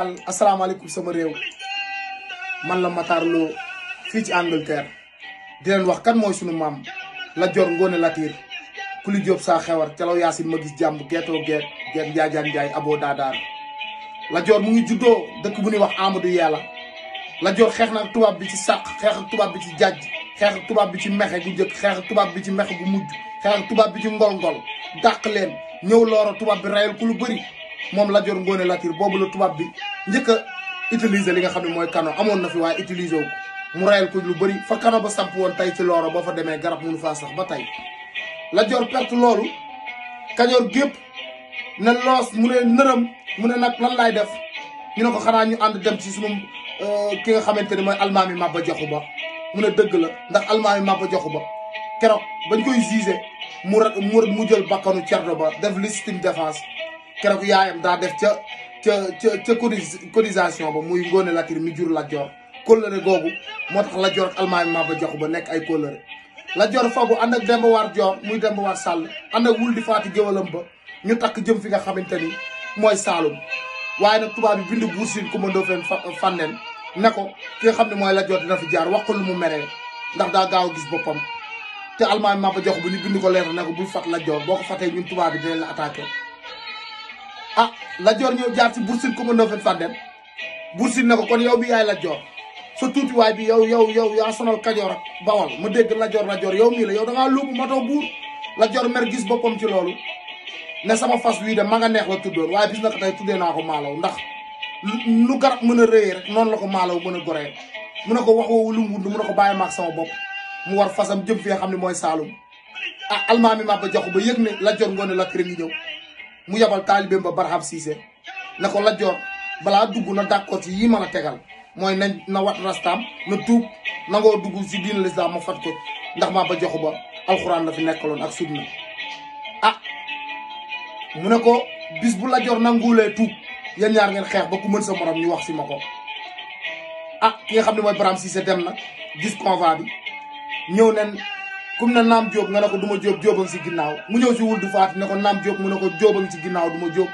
al asalaamaaleykum sama réew man la mataar Lo fii ci Angleterre di leen wax kan mooy sunu maam Lat Joor Ngoone Latiir Kuli Jóob saa xewar calaw yaasin ma gis jàmm geetoo geet geet njaajaan njaay aboo daadaar Lat Joor mu ngi juddoo dëkk bu ñuy wax Amadou Yàlla Lat Joor xeex naa tubaab bi ci saq xeex ak tubaab bi ci jàjj xeex ak tubaab bi ci mexe bu njëkk xeex ak tubaab bi ci mexe bu mujj xeex ak tubaab bi ci ngol-ngol dàq leen ñëw looro tubaab bi rayal ku lu bëri moom Lat Joor Ngoone Latiir boobu la tubaab bi njëkk a utiliser li nga xam ne mooy canon amoon na fi waaye utiliser wu ko mu rayal ko lu bëri fa canon ba samp woon tey ci looro boo fa demee garab mënu faa sax ba tey Lat Joor perte loolu Kajoor gépp ne loos mu ne nërëm mu ne nag lan laay def ñu ne ko xanaa ñu ànd dem ci sunu ki nga xamante ne mooy almaami Maba Ba mu ne dëgg la ndax almaami Maba Jaxu Ba keroog bañ koy jugé mu mu jël bakkanu cerdo ba def légitime défense keroog yaayam daa def ca ca ca ca cotisation ba muy Ngoone Latir mi jur Lat Joor kóllëre googu moo tax Lat Joor ak Almaami Maba Ba nekk ay kóllëre Lat Joor fabu ànd ak Demba War Joor muy Demba War Sàll ànd ak wul di faati géwalam ba ñu takk jëm fi nga xamante ni mooy Saalum waaye nag tubaab bi bind Buur Siin Kumba Ndoofeen fànneen ne ko ki nga xam ne mooy Lat Joor dina fi jaar wax ko lu mu meree ndax daa gaaw a gis boppam te Almaami Maba jox Ba ñu bind ko leer ne ko buy fat Lat Joor boo ko fatee ñun tubaab la attaqué ah la jor ñeu jaar ci Bour ko mo neuf fàddeen Bour Sine nako kon yow bi yaay jor so tuti way bi yow yow yow ya sonal Kajoor ak Bawol mu deg la jor la jor yow mi la yow da nga luubu matoo buur la jor mer gis bopom ci lolu ne sama fas wi de ma nga neex la tuddoon way bis na ko tey tuddee naa ndax lu garab mën a rek non la ko malaw meuna gore mu nako wax lu mu nako baye mak sama bop mu war fasam jëm fi nga xam ne mooy ah ma ba joxu ba yegne ne jor ngone la Lat ñew mu yabal taalibeem ba barhab Cissé ne ko Lat Joor balaa dugg na d'accord yi mana tégal moy tegal nawat na wat rastam na tuub nangoo dugg ci din lislaam ma fat ko ndax ma ba joxu ba alcorane la fi nekkalon ak sunna ah mu ne ko bis bu la jor nanguulee tup yeen ñaar ngeen xex ba ku mën sa morom ñu wax ci mako ah ki nga xamni moy mooy Cissé dem na gis convoi bi ñew nañ kum na nam job nga ne ko du ma jóob jóobang mu ñew ci wuldu faat ne ko naam jóob mu ne ko jóobang si ginnaaw du job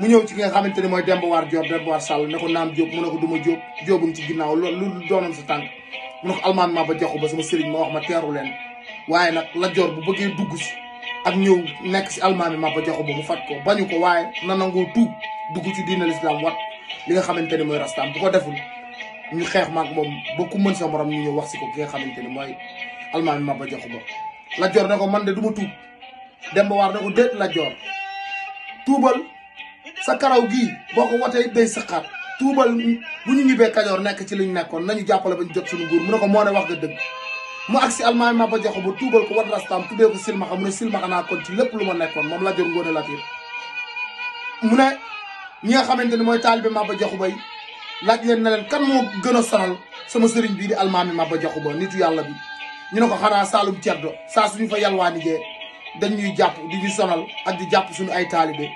mu ñew ci nga xamanteni moy mooy demb waar jóob demb waar sàll ne ko naam jóob mu ne ko du ma jóob jóobang ci ginnaaw lu doonam sa tank mu ne ko almaan ba joxu ba sama serigne mo wax ma len waye nak la jor bu bëggee dugg ci ak ñew nek ci alman ma ba joxu ba mu fat ko bañu ko waye na nangoo dugg ci diina l'islam wat li nga xamanteni moy rastam bu ko deful ñu xex mak mom ba ku mën sa morom ñu wax ci ko nga xamanteni moy almaami Maba Jaxu Ba Lat Joor ne ko man de du ma tuub Demba War ne ko déet Lat Joor tuubal sa karaw gii boo ko watee day saqaat tuubal bu ñu ñibbee Kajoor nekk ci liñ nekkoon nañu jàppale ba ñu jot suñu nguur ko moo wax nga dëgg mu agsi almaami Maba Jaxu Ba tuubal ko wat rastaam tuddee ko silmaxa mu ne silmaxa naa ci lépp lu ma nekkoon moom Lat Joor Ngoone Latiir mu ne ñi nga xamante ni mooy taalibe Maba Jaxu Ba laaj leen na leen kan moo gën a sonal sama sëriñ bii di almaami Maba Jaxu Ba nitu yàlla bi ñu ne ko xanaa saalum do saa suñu fa yalwaani jee dañ ñuy jàpp di ñu sonal ak di jàpp suñu ay taalibe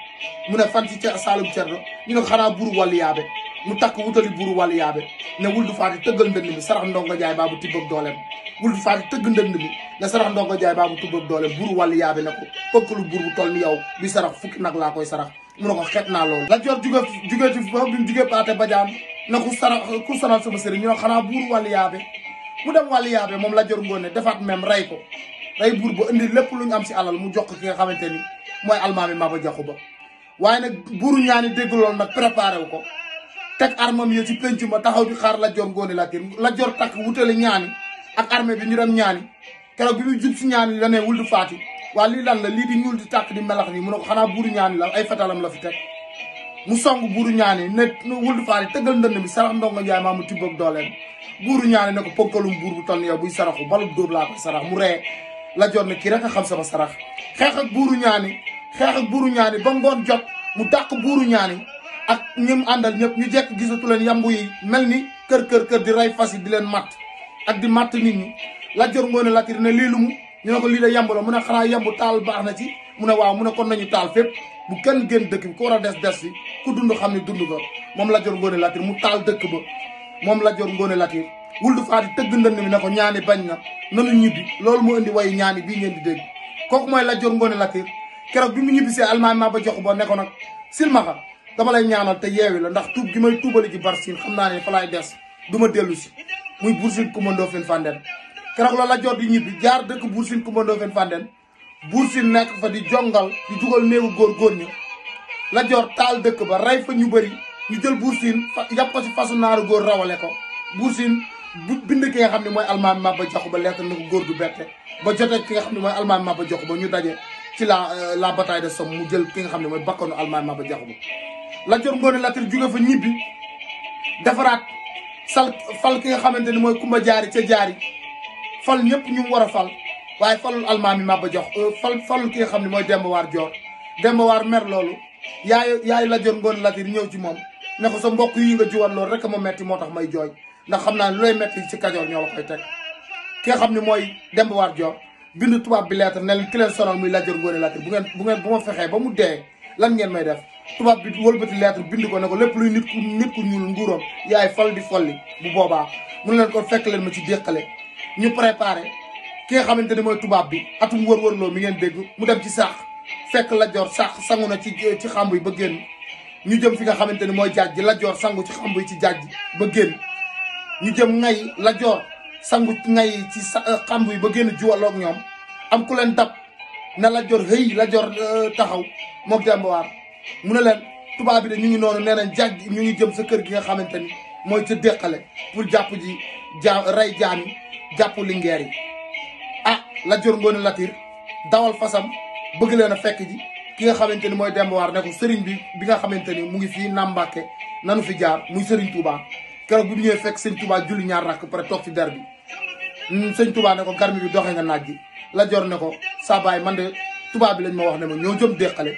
mu ne fan ci saalum ceddo ñu ne ko xanaa buru wàllu yaabe mu takk wutali buru wàllu yaabe ne wul du faati tëggal ndënd mi sarax ndongo jaay baabu tibbab dooleem wul du faati tëgg ndënd mi ne sarax ndongo jaay baabu tibbab dooleem buru wàllu yaabe ne ko pëkkalu bur bu toll ni yow bi sarax fukki nag laa koy sarax mu ne ko xet naa loolu la jor juge jugee ci fa bi mu jugee paate bajaam ne ku sonal sama sëriñ ñu ne xanaa buuru wàllu yaabe ku dem waliyaabe mom la jor ngone defat même ray ko ray buur bu andi lepp luñ am ci alal mu jox ki nga xamanteni moy mooy almaami Maba Jaxu Ba waaye nag buuru ñaani dégg loolu nag préparé wu ko tek armam yo ya ci pencu ma taxaw di xaar la jor ngone la tim la jor tak wutale ñaani ak armée bi ñu dem ñaani keroog bi muy jup ci ñaani la né wul du faati waa lan la li di ñul di tak di melax ni mu ko xana la ay fatalam la fi tek mu songu buru ñaani ne wul du faati tëggal bi sarax ndonga jaay maa mu buru ñaané nako ko ponkalum buur bu tan yow buy saraxu balu dóob la ko sarax mu ré la jot ne kii rek a xam sama sarax xex ak buru ñaané xex ak buru ñaané ba ngon jot mu dakk buru ñaané ak ñim andal ñep ñu jekk gisatu len yambu yi mel ni kër kër kër di ray fasi di len mat ak di mat nit ñi la jor latir ne lii lu mu ñu ne ko da yambu la mu na xara yambu taal baax na ci mu na waaw mu na kon nañu taal fep bu kenn dëkk ko dess dess des ku dund xamni dund ko mom la jor la latir mu taal dëkk ba moom Lat Joor Ngoone Latiir wul du faati tëgg ndënd mi ne ko ñaani bañ na nanu ñibbi loolu moo indi wayu ñaani bii ngeen di dégg kooku mooy Lat Joor Ngoone Latiir keroog bi mu ñibbisee almaami ma ba jox ba nekkoon ko nag silmaxa dama lay ñaanal te yeewi la ndax tuub gi may tuubali ji bar siin xam naa ne fa laay des duma ma dellu si muy Buur Siin Kumba Ndoofeen Fandeen keroog la Lat Joor di ñibbi jaar dëkk Buur Siin Kumba Ndoofeen Fandeen Buur Siin nekk fa di jongal di dugal néewu góor góor ñi Lat Joor taal dëkk ba rey fa ñu bëri ñu jël Buur Siin yàpp ko ci fasu naaru góor rawale ko Buur Siin bu bind ki nga xam ne mooy almaami Maba Jaxu Ba lettre na ko góor du bette ba jotee ki nga xam ne mooy almaami Maba Jaxu Ba ñu daje ci la euh, la bataille de Somme mu jël ki nga xam ne mooy bakkanu almaami Maba Jaxu Ba Lat Joor Ngoone Latiir jóge fa ñibbi defaraat sal fal ki nga xamante ni mooy Kumba Jaari ca Jaari fal ñëpp ñu war a fal waaye falul almaami ba jox euh, fal falul ki nga xam ne mooy Demba War Joor Demba War mer loolu yaayu yaayu Lat Joor Ngoone Latiir ñëw ci moom ne ko sa mbokk yi nga jiwan loolu rek ma metti moo tax may jooy ndax xam naa ne looy metti ci Kajoor ñoo la koy teg ki xam ni mooy Demba War joor bind tubaab bi lettre ne leen ki leen sonal muy Lat Joor Ngoone Latir bu ngeen bu ngeen bu ma fexee ba mu dee lan ngeen def tubaab bi wëlbati lettre bind ko ne ko lépp luy nit ku nit ku ñuul nguuram yaay fal di folli bu boobaa mun leen ko fekk leen ma ci déqale ñu préparé ki nga xamante ne mooy tubaab bi atum wër-wër loo mi ngeen dégg mu dem ci saax fekk Lat Joor saax sangu na ci ci xàmb yi ba génn ñu jëm fi nga xamante ni mooy jaaj ji lajoor sangu ci xamb yi ci jaaj ba génn ñu jëm ngay lajoor sangu ngay ci sa euh, xamb yi ba génn juwaloog ñoom am ku leen dab na lajoor hëy lajoor euh, taxaw mook jàmbawaar mu ne leen tubaab bi de ñu ngi noonu nee nañ jaaj ñu ngi jëm sa kër gi nga xamante ni mooy ca déqale pour jàpp ji ja rey jaami jàpp lingeer yi ah lajoor ngoone latir dawal fasam bëgg leen a fekk ji ki nga xamante ni mooy Demba War ne ko sëriñ bi bi nga xamante ni mu ngi fii Nambàkke nanu fi jaar muy sëriñ Touba keroog bu ñëwee fekk sëñ Touba julli ñaar rakk pare toog ci der bi mm, sëñ Touba ne ko garmi bi doxe nga naaj ji la jor ne ko sa baay man de Touba bi lañ ma wax ne ma ñoo jëm déqale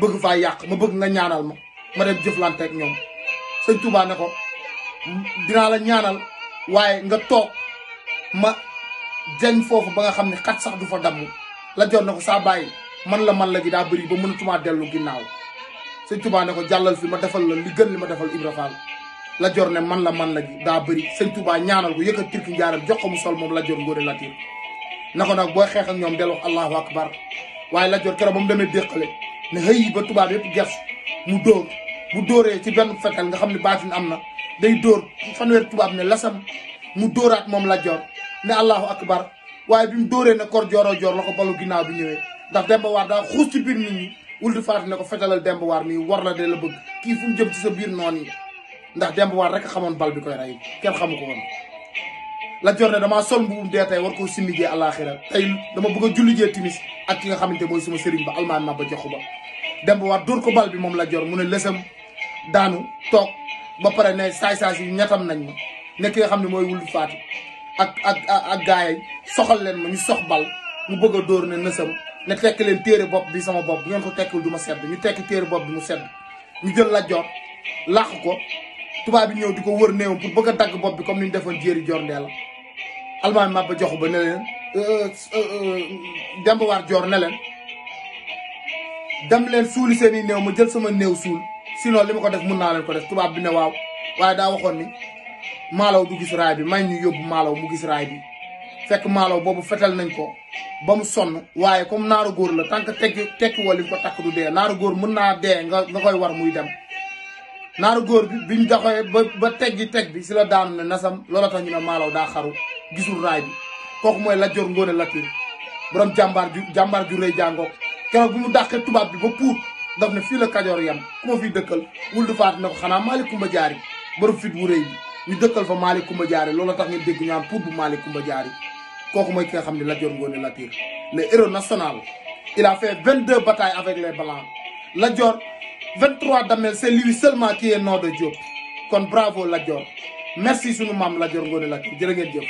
bëgg faa yàq ma bëgg nga ñaanal ma ma dem jëflante ak ñoom sëñ Touba ne ko mm, dinaa la ñaanal waaye nga toog ma jañ foofu ba nga xam ne xat sax du fa damm la jor ne ko saa bàyyi man la man la gi daa bëri ba mënatumaa dellu ginnaaw sëñ Touba ne ko jàllal fi ma defal la li gën li ma defal Ibra la jor ne man la man la gi daa bëri sëñ Touba ñaanal ko yëkkat turki njaaram jox ko mu sol moom la jor na ko nag booy xeex ak ñoom del wax allahu akbar waaye la jor keroog ba mu demee déqale ne xëy ba tubaab yëpp ges mu dóor bu dóoree ci benn fetal nga xam ne baatin am na day dóor fanweer tubaab ne lasam mu dóoraat moom la jor ne allahu akbar waaye bi mu dóoree ne kor jooroo joor la ko balu ginnaaw bi ñëwee ndax Demba daa xuus ci biir nit ñi wul di faati ne ko fetalal Demba War war la de la bëgg kii fu mu jëm ci sa biir noonu yi ndax Demba War rek xamoon bal bi koy rey kenn xamu ko woon la jor ne damaa sol mbubum dee tey war koo simlijee àlaxira tey dama bëgg a jullijee timis ak ki nga xamante mooy suma sëriñ ba almaan ma ba joxu ba Demba War dóor ko bal bi moom la jor mu ne lësam daanu toog ba pare ne saay-saay si ñettam nañ ma ne ki nga xam ne mooy wul di faati ak ak ak gaay soxal leen ma ñu sox bal mu bëgg a dóor ne nësam ne tekk leen téere bopp bi sama bopp bu ngeen ko tekkul du ma sedd ñu tekki téere bopp bi mu sedd ñu jël la joor làq ko tubaab bi ñëw di ko wër néewam pour bëgg a dagg bopp bi comme ni ñu defoon jéeri joor ndee la almaami mabba joxu ba ne leen euh, euh, euh, dembawaar joor ne leen dem leen suuli seen i néew ma jël sama néew suul sinon li ma ko def mun naa leen ko def tubaab bi ne waaw waaye daa waxoon ni maalaw du gis raay bi may ñu yóbbu maalaw mu gis raay bi fekk maalo boobu fetal nañ ko ba mu sonn waaye comme naaru góor la tant que teg tekki woo ko takk du dee naaru góor mën naa dee nga nga koy war muy dem naaru góor bi biñ doxee ba ba teggi teg bi si la daanu ne nasam loola tax ñu ne maalaw daa xaru gisul raay bi kooku mooy la jor ngóone latir borom jàmbaar ju jàmbaar ju rëy jàngoog keroog bi mu dàqee tubaab bi ba puut daf ne fii la kajoor yam ku ma fiy dëkkal wul du faat ne ko xanaa maali kumba jaari borom fit wu rëy bi ñu dëkkal fa maali kumba jaari loola tax ngeen dégg ñaan puut bu maali kumba jaari Le héros national, Il a fait 22 batailles avec les Blancs. 23 dames, c'est lui seulement qui est nord de Diop. Donc bravo Ladjor. Merci sur nous, Mme Ngone